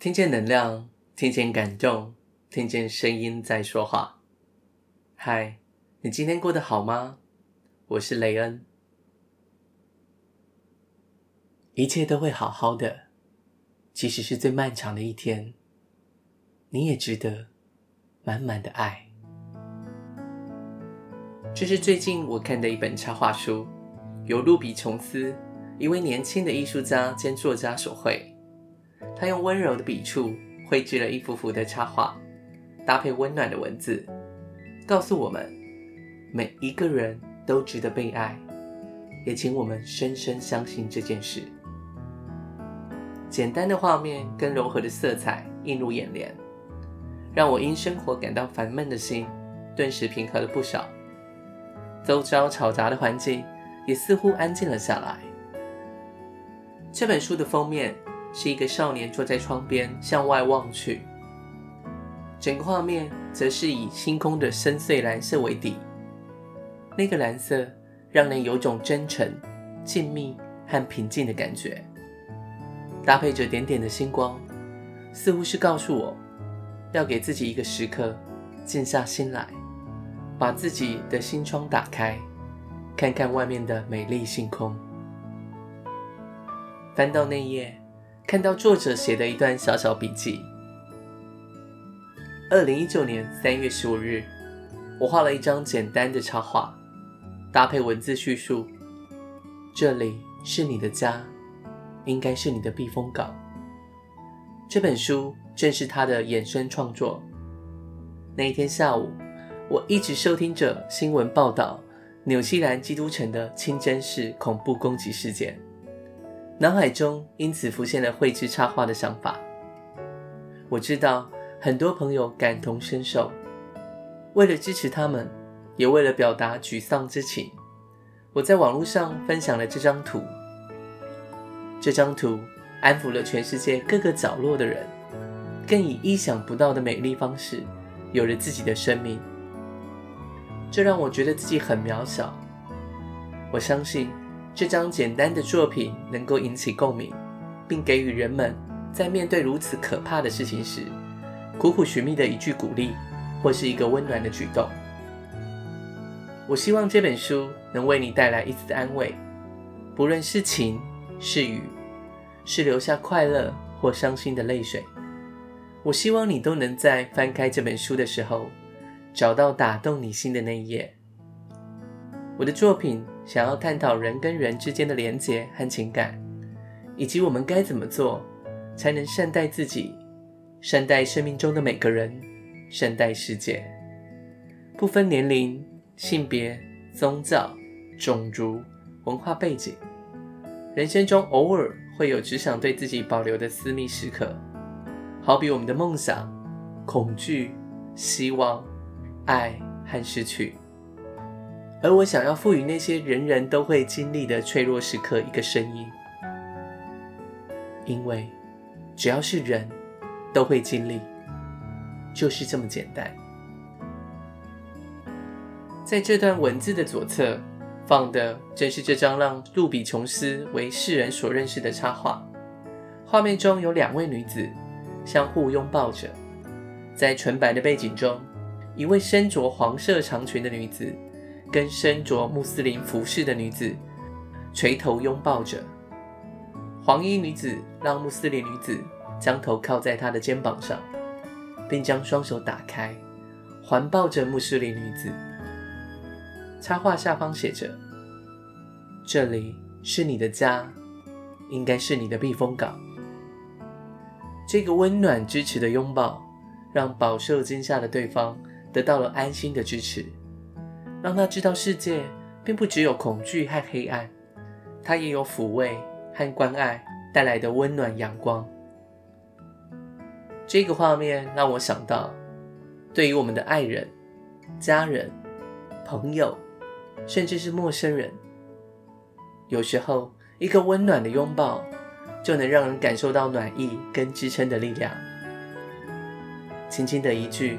聽見能量，聽見感動，聽見聲音在說話。嗨，你今天過得好嗎？我是雷恩，一切都會好好的。即使是最漫長的一天，你也值得滿滿的愛。這，就是最近我看的一本插畫書，由露比瓊斯，一位年輕的藝術家兼作家所繪。他用溫柔的筆觸繪製了一幅幅的插畫，搭配溫暖的文字，告訴我們每一個人都值得被愛，也請我們深深相信這件事。簡單的畫面跟柔和的色彩映入眼簾，讓我因生活感到煩悶的心頓時平和了不少，周遭嘈雜的環境也似乎安靜了下來。這本書的封面，是一個少年坐在窗邊向外望去，整個畫面則是以星空的深邃藍色為底，那個藍色讓人有種真誠、靜謐和平靜的感覺，搭配着點點的星光，似乎是告訴我，要給自己一個時刻，靜下心來，把自己的心窗打開，看看外面的美麗星空。翻到那頁。看到作者寫的一段小小筆記。二零一九年三月十五日，我畫了一張簡單的插畫，搭配文字敘述：“這裡是你的家，應該是你的避風港。”這本書正是他的衍生創作。那一天下午，我一直收聽着新聞報道，紐西蘭基督城的清真寺恐怖攻擊事件。腦海中因此浮現了繪製插畫的想法。我知道很多朋友感同身受，為了支持他們，也為了表達沮喪之情，我在網絡上分享了這張圖。這張圖安撫了全世界各個角落的人，更以意想不到的美麗方式，有了自己的生命。這讓我覺得自己很渺小。我相信。這張簡單的作品能夠引起共鳴，並給予人們在面對如此可怕的事情時苦苦尋覓的一句鼓勵，或是一個溫暖的舉動。我希望這本書能為你帶來一絲安慰，不論是晴是雨，是流下快樂或傷心的淚水。我希望你都能在翻開這本書的時候，找到打動你心的那一頁。我的作品。想要探討人跟人之間的連結和情感，以及我們該怎麼做才能善待自己、善待生命中的每個人、善待世界，不分年齡、性別、宗教、種族、文化背景。人生中偶爾會有只想對自己保留的私密時刻，好比我們的夢想、恐懼、希望、愛和失去。而我想要賦予那些人人都會經歷的脆弱時刻一個聲音，因為只要是人都會經歷，就是這麼簡單。在這段文字的左側，放的正是這張讓露比瓊斯為世人所認識的插畫。畫面中有兩位女子相互擁抱着，在純白的背景中，一位身着黃色長裙的女子。跟身着穆斯林服飾的女子垂頭擁抱着，黃衣女子讓穆斯林女子將頭靠在她的肩膀上，並將雙手打開，環抱着穆斯林女子。插畫下方寫着：“這裡是你的家，應該是你的避風港。”這個溫暖支持的擁抱，讓飽受驚嚇的對方得到了安心的支持。讓他知道，世界並不只有恐懼和黑暗，它也有撫慰和關愛帶來的溫暖陽光。這個畫面讓我想到，對於我們的愛人、家人、朋友，甚至是陌生人，有時候一個溫暖的擁抱就能讓人感受到暖意跟支撐的力量。輕輕的一句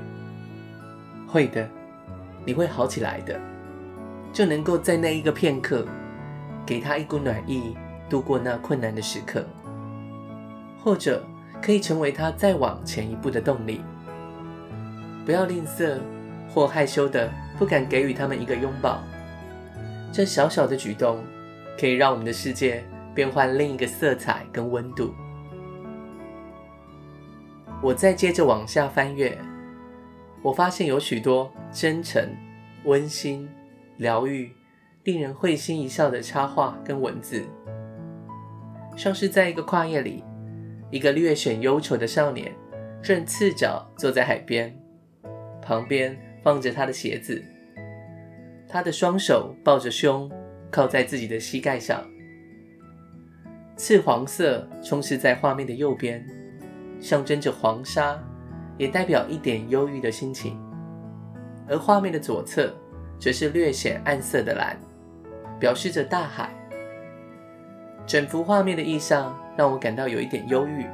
“會的”。你會好起來的，就能夠在那一個片刻，給他一股暖意，度過那困難的時刻，或者可以成為他再往前一步的動力。不要吝嗇或害羞的不敢給予他們一個擁抱，這小小的舉動可以讓我們的世界變換另一個色彩跟溫度。我再接着往下翻閱。我發現有許多真誠、溫馨、療癒、令人會心一笑的插畫跟文字，像是在一個跨頁裡，一個略顯憂愁的少年正赤腳坐在海邊，旁邊放着他的鞋子，他的雙手抱着胸，靠在自己的膝蓋上，赤黃色充斥在畫面的右邊，象徵着黃沙。也代表一點憂鬱的心情，而畫面的左側則是略顯暗色的藍，表示着大海。整幅畫面的意象讓我感到有一點憂鬱。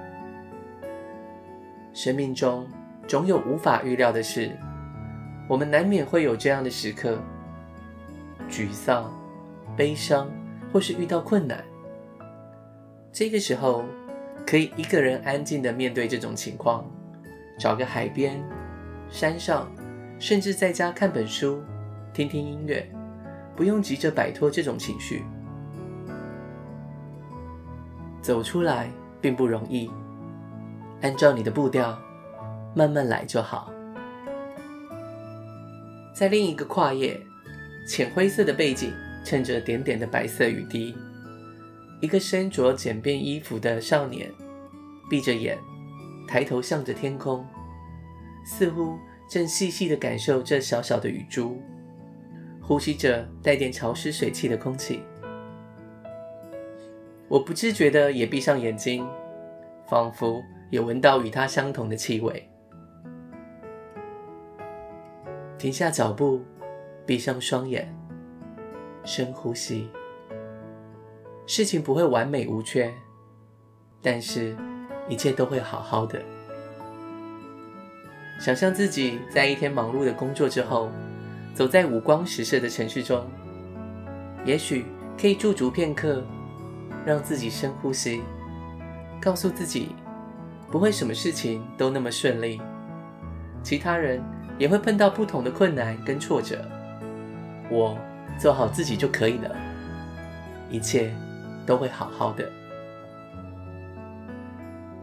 生命中總有無法預料的事，我們難免會有這樣的時刻：沮喪、悲傷，或是遇到困難。這個時候，可以一個人安靜地面對這種情況。找個海邊、山上，甚至在家看本書、聽聽音樂，不用急着擺脫這種情緒。走出來並不容易，按照你的步調，慢慢來就好。在另一個跨頁，淺灰色的背景襯着點點的白色雨滴，一個身着簡便衣服的少年，閉着眼。抬頭向着天空，似乎正細細的感受這小小的雨珠，呼吸着帶點潮濕水汽的空氣。我不自覺的也閉上眼睛，仿佛也聞到與它相同的氣味。停下腳步，閉上雙眼，深呼吸。事情不會完美無缺，但是。一切都會好好的。想象自己在一天忙碌的工作之後，走在五光十色的城市中，也許可以駐足片刻，讓自己深呼吸，告訴自己，不會什麼事情都那麼順利，其他人也會碰到不同的困難跟挫折，我做好自己就可以了，一切都會好好的。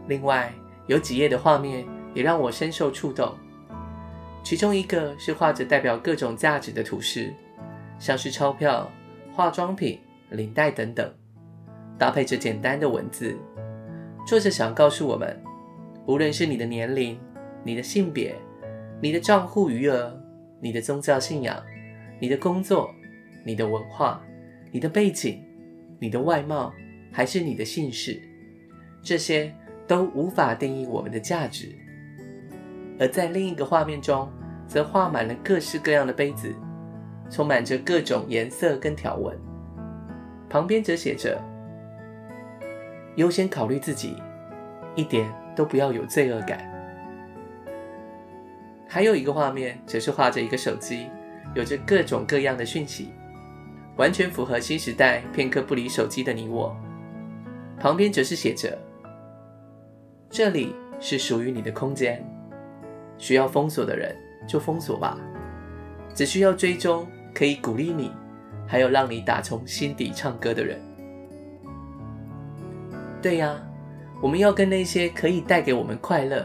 另外有幾頁的畫面也讓我深受觸動，其中一個是畫着代表各種價值的圖示，像是鈔票、化妝品、領帶等等，搭配着簡單的文字。作者想告訴我們，無論是你的年齡、你的性別、你的賬戶餘額、你的宗教信仰、你的工作、你的文化、你的背景、你的外貌，還是你的姓氏，這些都無法定義我們的價值。而在另一個畫面中，則畫滿了各式各樣的杯子，充滿着各種顏色跟條紋，旁邊則寫着“優先考慮自己，一點都不要有罪惡感”。還有一個畫面則是畫着一個手機，有着各種各樣的訊息，完全符合新時代片刻不離手機的你我。旁邊則是寫着。這裡是屬於你的空間，需要封鎖的人就封鎖吧。只需要追蹤可以鼓勵你，還有讓你打從心底唱歌的人。對呀，我們要跟那些可以帶給我們快樂、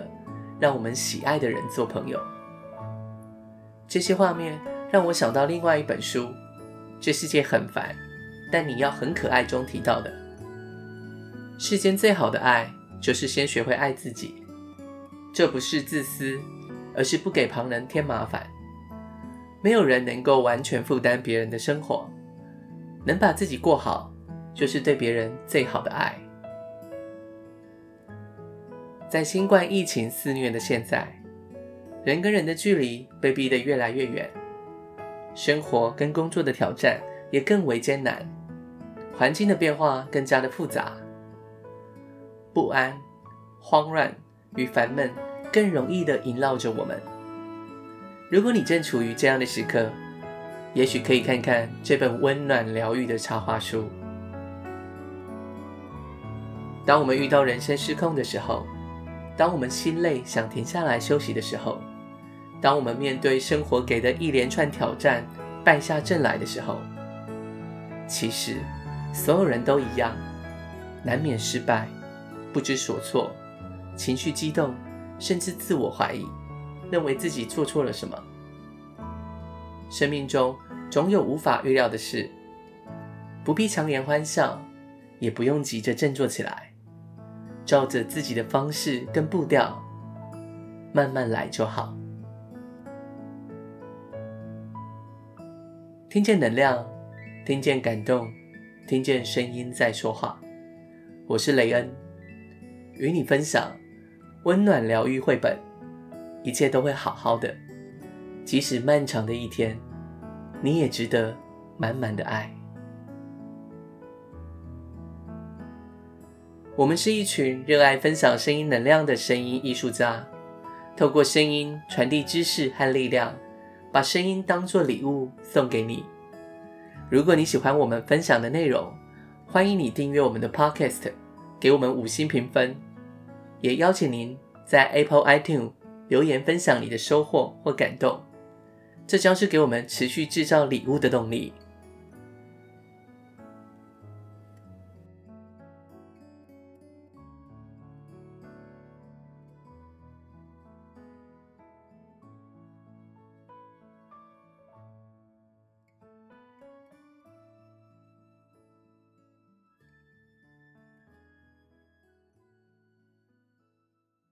讓我們喜愛的人做朋友。這些畫面讓我想到另外一本書，《這世界很煩，但你要很可愛》中提到的世間最好的愛。就是先學會愛自己，這不是自私，而是不給旁人添麻煩。沒有人能夠完全負擔別人的生活，能把自己過好，就是對別人最好的愛。在新冠疫情肆虐的現在，人跟人的距離被逼得越來越遠，生活跟工作的挑戰也更為艱難，環境的變化更加的複雜。不安、慌亂與煩悶更容易的縈繞着我們。如果你正處於這樣的時刻，也許可以看看這本溫暖療愈的插畫書。當我們遇到人生失控的時候，當我們心累想停下來休息的時候，當我們面對生活給的一連串挑戰敗下陣來的時候，其實所有人都一樣，難免失敗。不知所措，情緒激動，甚至自我懷疑，認為自己做錯了什麼。生命中總有無法預料的事，不必強顏歡笑，也不用急着振作起來，照着自己的方式跟步調，慢慢來就好。聽見能量，聽見感動，聽見聲音在說話。我是雷恩。與你分享溫暖療癒繪本，一切都會好好的。即使漫長的一天，你也值得滿滿的愛。 我們是一群熱愛分享聲音能量的聲音藝術家，透過聲音傳遞知識和力量，把聲音當作禮物送給你。如果你喜歡我們分享的內容，歡迎你訂閱我們的 Podcast，給我們五星評分。也邀請您在 Apple iTunes 留言，分享你的收穫或感動，這將是給我們持續製造禮物的動力。